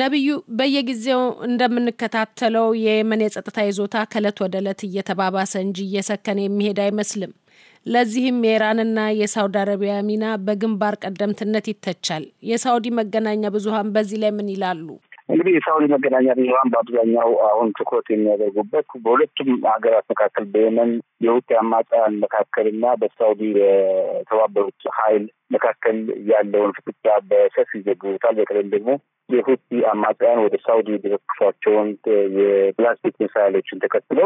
ነቢዩ በየጊዜው እንደምንከታተለው የየመን የጸጥታ ይዞታ ከእለት ወደ ዕለት እየተባባሰ እንጂ እየሰከነ የሚሄድ አይመስልም። ለዚህም የኢራንና የሳውዲ አረቢያ ሚና በግንባር ቀደምትነት ይተቻል። የሳውዲ መገናኛ ብዙሀን በዚህ ላይ ምን ይላሉ? እንግዲህ የሳውዲ መገናኛ ብዙሀን በአብዛኛው አሁን ትኩረት የሚያደርጉበት በሁለቱም ሀገራት መካከል በየመን የውጤ አማጽያን መካከልና በሳውዲ የተባበሩት ኃይል መካከል መካከል ያለውን ፍጥጫ በሰፊ ይዘግቡታል። በተለይም ደግሞ የሁቲ አማጽያን ወደ ሳውዲ የተተኮሷቸውን የፕላስቲክ ሚሳይሎችን ተከትሎ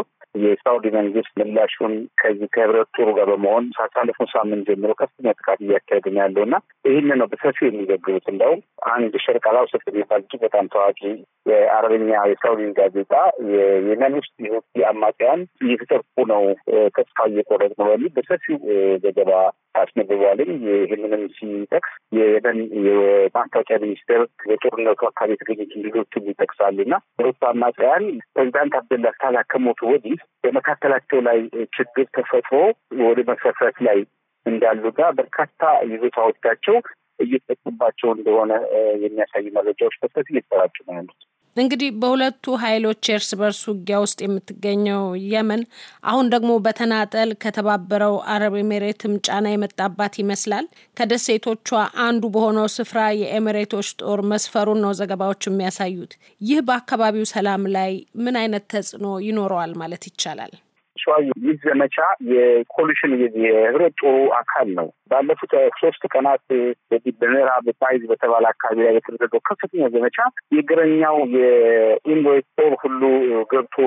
የሳውዲ መንግስት ምላሹን ከዚህ ከህብረት ጦሩ ጋር በመሆን ሳሳለፈው ሳምንት ጀምሮ ከፍተኛ ጥቃት እያካሄደ ነው ያለው እና ይህን ነው በሰፊው የሚዘግቡት። እንደውም አንድ ሸርቃላው ሰፍ የሚባል እጅግ በጣም ታዋቂ የአረብኛ የሳውዲ ጋዜጣ የየመን ውስጥ የሁቲ አማጽያን እየተጠቁ ነው፣ ተስፋ እየቆረጥ ነው በሚል በሰፊው ዘገባ አስነብቧልኝ። ይህንንም ሲ የሚጠቅስ የማስታወቂያ ሚኒስቴር የጦርነቱ አካባቢ የተገኙትን ልጆችን ይጠቅሳሉ እና ሮፓ አማጽያን ፕሬዚዳንት አብደላ ሳላ ከሞቱ ወዲህ በመካከላቸው ላይ ችግር ተፈጥሮ ወደ መፈረስ ላይ እንዳሉ ጋር በርካታ ይዞታዎቻቸው እየተጠቁባቸው እንደሆነ የሚያሳዩ መረጃዎች በሰፊው እየተሰራጩ ነው ያሉት። እንግዲህ በሁለቱ ኃይሎች የእርስ በርስ ውጊያ ውስጥ የምትገኘው የመን አሁን ደግሞ በተናጠል ከተባበረው አረብ ኤሜሬትም ጫና የመጣባት ይመስላል። ከደሴቶቿ አንዱ በሆነው ስፍራ የኤሜሬቶች ጦር መስፈሩን ነው ዘገባዎች የሚያሳዩት። ይህ በአካባቢው ሰላም ላይ ምን አይነት ተጽዕኖ ይኖረዋል ማለት ይቻላል? ይህ ዘመቻ የኮሊሽን የህብረት ጦሩ አካል ነው። ባለፉት ሶስት ቀናት በዚህ በምዕራብ ፓይዝ በተባለ አካባቢ ላይ የተደረገው ከፍተኛ ዘመቻ የእግረኛው የኢንቮይስ ጦር ሁሉ ገብቶ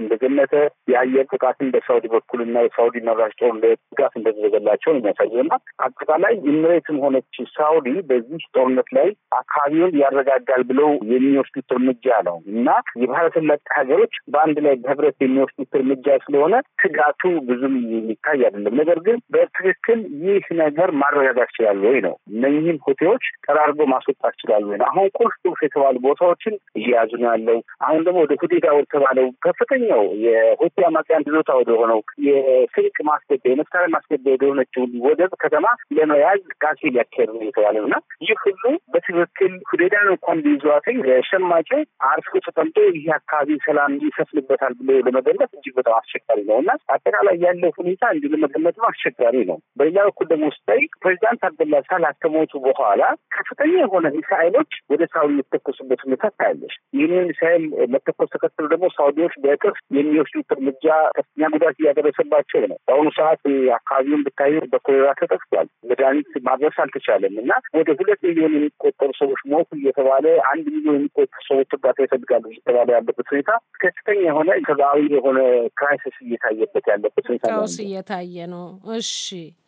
እንደገመተ የአየር ጥቃትን በሳውዲ በኩል እና የሳውዲ መራሽ ጦር ድጋፍ እንደተደረገላቸው ነው የሚያሳየው እና አጠቃላይ ኢምሬትም ሆነች ሳውዲ በዚህ ጦርነት ላይ አካባቢውን ያረጋጋል ብለው የሚወስዱት እርምጃ ነው እና የባህረ ሰላጤ ሀገሮች በአንድ ላይ በህብረት የሚወስዱት እርምጃ ስለሆነ ስጋቱ ብዙም የሚታይ አይደለም። ነገር ግን በትክክል ይህ ነገር ማረጋጋት ይችላሉ ወይ ነው። እነዚህም ሁቴዎች ጠራርጎ ማስወጣት ይችላሉ ወይ ነው። አሁን ቁልፍ ቁልፍ የተባሉ ቦታዎችን እየያዙ ነው ያለው። አሁን ደግሞ ወደ ሁዴዳ ወደተባለው ከፍተኛው የሁቴ አማጽያን ይዞታ ወደሆነው የስንቅ ማስገቢያ የመሳሪያ ማስገቢያ ሆነችው ወደብ ከተማ ለመያዝ ቃሴ ሊያካሄዱ ነው የተባለ ነው እና ይህ ሁሉ በትክክል ሁዴዳን እንኳን ሊይዟትኝ ሸማቂው አርፎ ተቀምጦ ይህ አካባቢ ሰላም ይሰፍንበታል ብሎ ለመገመት እጅግ በጣም አስቸጋሪ ነው እና አጠቃላይ ያለው ሁኔታ እንዲሁ ለመገመትም አስቸጋሪ ነው። በሌላ በኩል ደግሞ ውስጥ ላይ ፕሬዚዳንት አብደላ ሳላህ ከሞቱ በኋላ ከፍተኛ የሆነ ሚሳኤሎች ወደ ሳውዲ የተተኮሱበት ሁኔታ ታያለች። ይህንን ሚሳኤል መተኮስ ተከትሎ ደግሞ ሳውዲዎች በእጥፍ የሚወስዱት እርምጃ ከፍተኛ ጉዳት እያደረሰባቸው ነው። በአሁኑ ሰዓት አካባቢውን ብታዩ በኮሌራ ተጠቅቷል። መድኃኒት ማድረስ አልተቻለም እና ወደ ሁለት ሚሊዮን የሚቆጠሩ ሰዎች ሞቱ እየተባለ አንድ ሚሊዮን የሚቆጠሩ ሰዎች እርዳታ ይፈልጋሉ እየተባለ ያለበት ሁኔታ ከፍተኛ የሆነ ሰብአዊ የሆነ ክራይሲስ እየታየበት ያለበት ሁኔታ ቀውስ እየታየ ነው። እሺ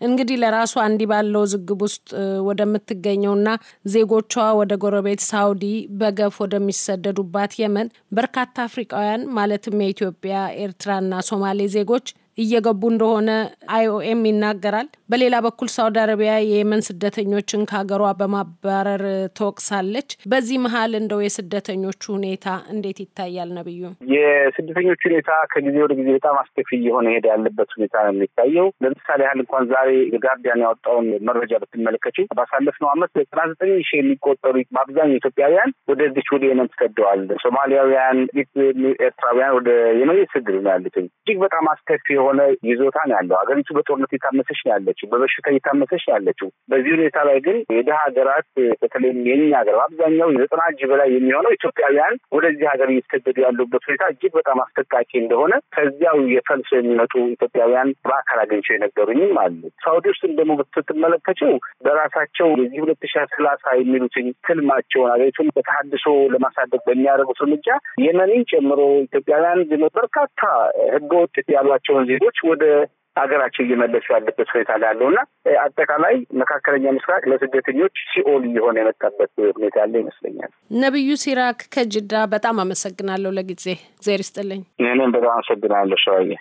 እንግዲህ ለራሱ እንዲህ ባለው ዝግብ ውስጥ ወደምትገኘውና ዜጎቿ ወደ ጎረቤት ሳውዲ በገፍ ወደሚሰደዱባት የመን በርካታ አፍሪቃውያን ማለትም የኢትዮጵያ ኤርትራና ሶማሌ ዜጎች እየገቡ እንደሆነ አይኦኤም ይናገራል። በሌላ በኩል ሳውዲ አረቢያ የየመን ስደተኞችን ከሀገሯ በማባረር ትወቅሳለች። በዚህ መሀል እንደው የስደተኞቹ ሁኔታ እንዴት ይታያል? ነብዩ፣ የስደተኞቹ ሁኔታ ከጊዜ ወደ ጊዜ በጣም አስከፊ እየሆነ ሄደ ያለበት ሁኔታ ነው የሚታየው። ለምሳሌ ያህል እንኳን ዛሬ ጋርዲያን ያወጣውን መረጃ ብትመለከች ባሳለፍነው አመት ዘጠና ዘጠኝ ሺህ የሚቆጠሩ በአብዛኛው ኢትዮጵያውያን ወደ ወደ የመን ተሰደዋል። ሶማሊያውያን፣ ኤርትራውያን ወደ የመን የተሰደዱ ነው ያሉትኝ እጅግ በጣም አስከፊ የሆነ ይዞታ ነው ያለው። ሀገሪቱ በጦርነት የታመሰች ነው ያለችው፣ በበሽታ የታመሰች ነው ያለችው። በዚህ ሁኔታ ላይ ግን የድሀ ሀገራት በተለይም የኛ ሀገር በአብዛኛው የዘጠና እጅ በላይ የሚሆነው ኢትዮጵያውያን ወደዚህ ሀገር እየተሰደዱ ያሉበት ሁኔታ እጅግ በጣም አስጠቃቂ እንደሆነ ከዚያው የፈልሶ የሚመጡ ኢትዮጵያውያን በአካል አገኝቸው የነገሩኝም አሉ። ሳውዲ ውስጥም ደግሞ ስትመለከቸው በራሳቸው የዚህ ሁለት ሺ ሰላሳ የሚሉትን ትልማቸውን ሀገሪቱን በተሀድሶ ለማሳደግ በሚያደርጉት እርምጃ የመንን ጨምሮ ኢትዮጵያውያን በርካታ ህገወጥ ያሏቸውን ዜጎች ወደ ሀገራቸው እየመለሱ ያለበት ሁኔታ ላይ ያለው እና አጠቃላይ መካከለኛ ምስራቅ ለስደተኞች ሲኦል እየሆነ የመጣበት ሁኔታ ያለ ይመስለኛል። ነቢዩ ሲራክ ከጅዳ በጣም አመሰግናለሁ። ለጊዜ ዜር ይስጥልኝ። እኔም በጣም አመሰግናለሁ ሸዋዬ።